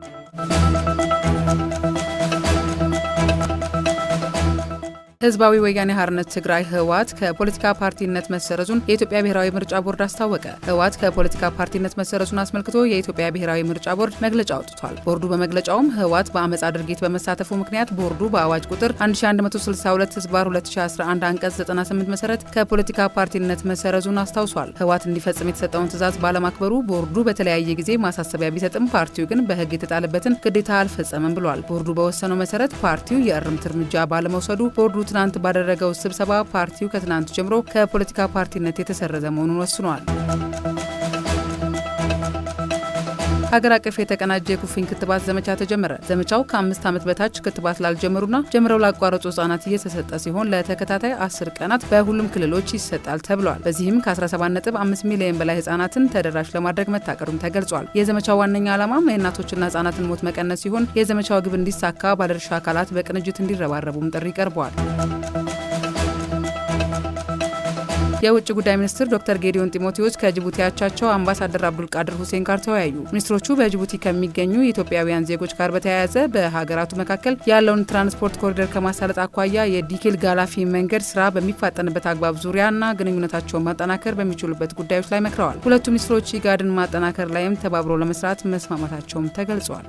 Thank you. ህዝባዊ ወያኔ ሀርነት ትግራይ ህወሓት ከፖለቲካ ፓርቲነት መሰረዙን የኢትዮጵያ ብሔራዊ ምርጫ ቦርድ አስታወቀ። ህወሓት ከፖለቲካ ፓርቲነት መሰረዙን አስመልክቶ የኢትዮጵያ ብሔራዊ ምርጫ ቦርድ መግለጫ አውጥቷል። ቦርዱ በመግለጫውም ህወሓት በአመጻ ድርጊት በመሳተፉ ምክንያት ቦርዱ በአዋጅ ቁጥር 1162 ህዝባር 2011 አንቀጽ 98 መሰረት ከፖለቲካ ፓርቲነት መሰረዙን አስታውሷል። ህወሓት እንዲፈጽም የተሰጠውን ትእዛዝ ባለማክበሩ ቦርዱ በተለያየ ጊዜ ማሳሰቢያ ቢሰጥም ፓርቲው ግን በህግ የተጣለበትን ግዴታ አልፈጸመም ብሏል። ቦርዱ በወሰነው መሰረት ፓርቲው የእርምት እርምጃ ባለመውሰዱ ቦርዱ ትናንት ባደረገው ስብሰባ ፓርቲው ከትናንት ጀምሮ ከፖለቲካ ፓርቲነት የተሰረዘ መሆኑን ወስኗል። ሀገር አቀፍ የተቀናጀ የኩፍኝ ክትባት ዘመቻ ተጀመረ። ዘመቻው ከአምስት ዓመት በታች ክትባት ላልጀመሩና ጀምረው ላቋረጡ ህጻናት እየተሰጠ ሲሆን ለተከታታይ አስር ቀናት በሁሉም ክልሎች ይሰጣል ተብሏል። በዚህም ከ17.5 ሚሊዮን በላይ ህጻናትን ተደራሽ ለማድረግ መታቀዱም ተገልጿል። የዘመቻው ዋነኛ ዓላማም የእናቶችና ህጻናትን ሞት መቀነስ ሲሆን የዘመቻው ግብ እንዲሳካ ባለድርሻ አካላት በቅንጅት እንዲረባረቡም ጥሪ ቀርበዋል። የውጭ ጉዳይ ሚኒስትር ዶክተር ጌዲዮን ጢሞቴዎስ ከጅቡቲ አቻቸው አምባሳደር አብዱልቃድር ሁሴን ጋር ተወያዩ። ሚኒስትሮቹ በጅቡቲ ከሚገኙ የኢትዮጵያውያን ዜጎች ጋር በተያያዘ በሀገራቱ መካከል ያለውን ትራንስፖርት ኮሪደር ከማሳለጥ አኳያ የዲኪል ጋላፊ መንገድ ስራ በሚፋጠንበት አግባብ ዙሪያና ግንኙነታቸውን ማጠናከር በሚችሉበት ጉዳዮች ላይ መክረዋል። ሁለቱ ሚኒስትሮች ኢጋድን ማጠናከር ላይም ተባብሮ ለመስራት መስማማታቸውም ተገልጿል።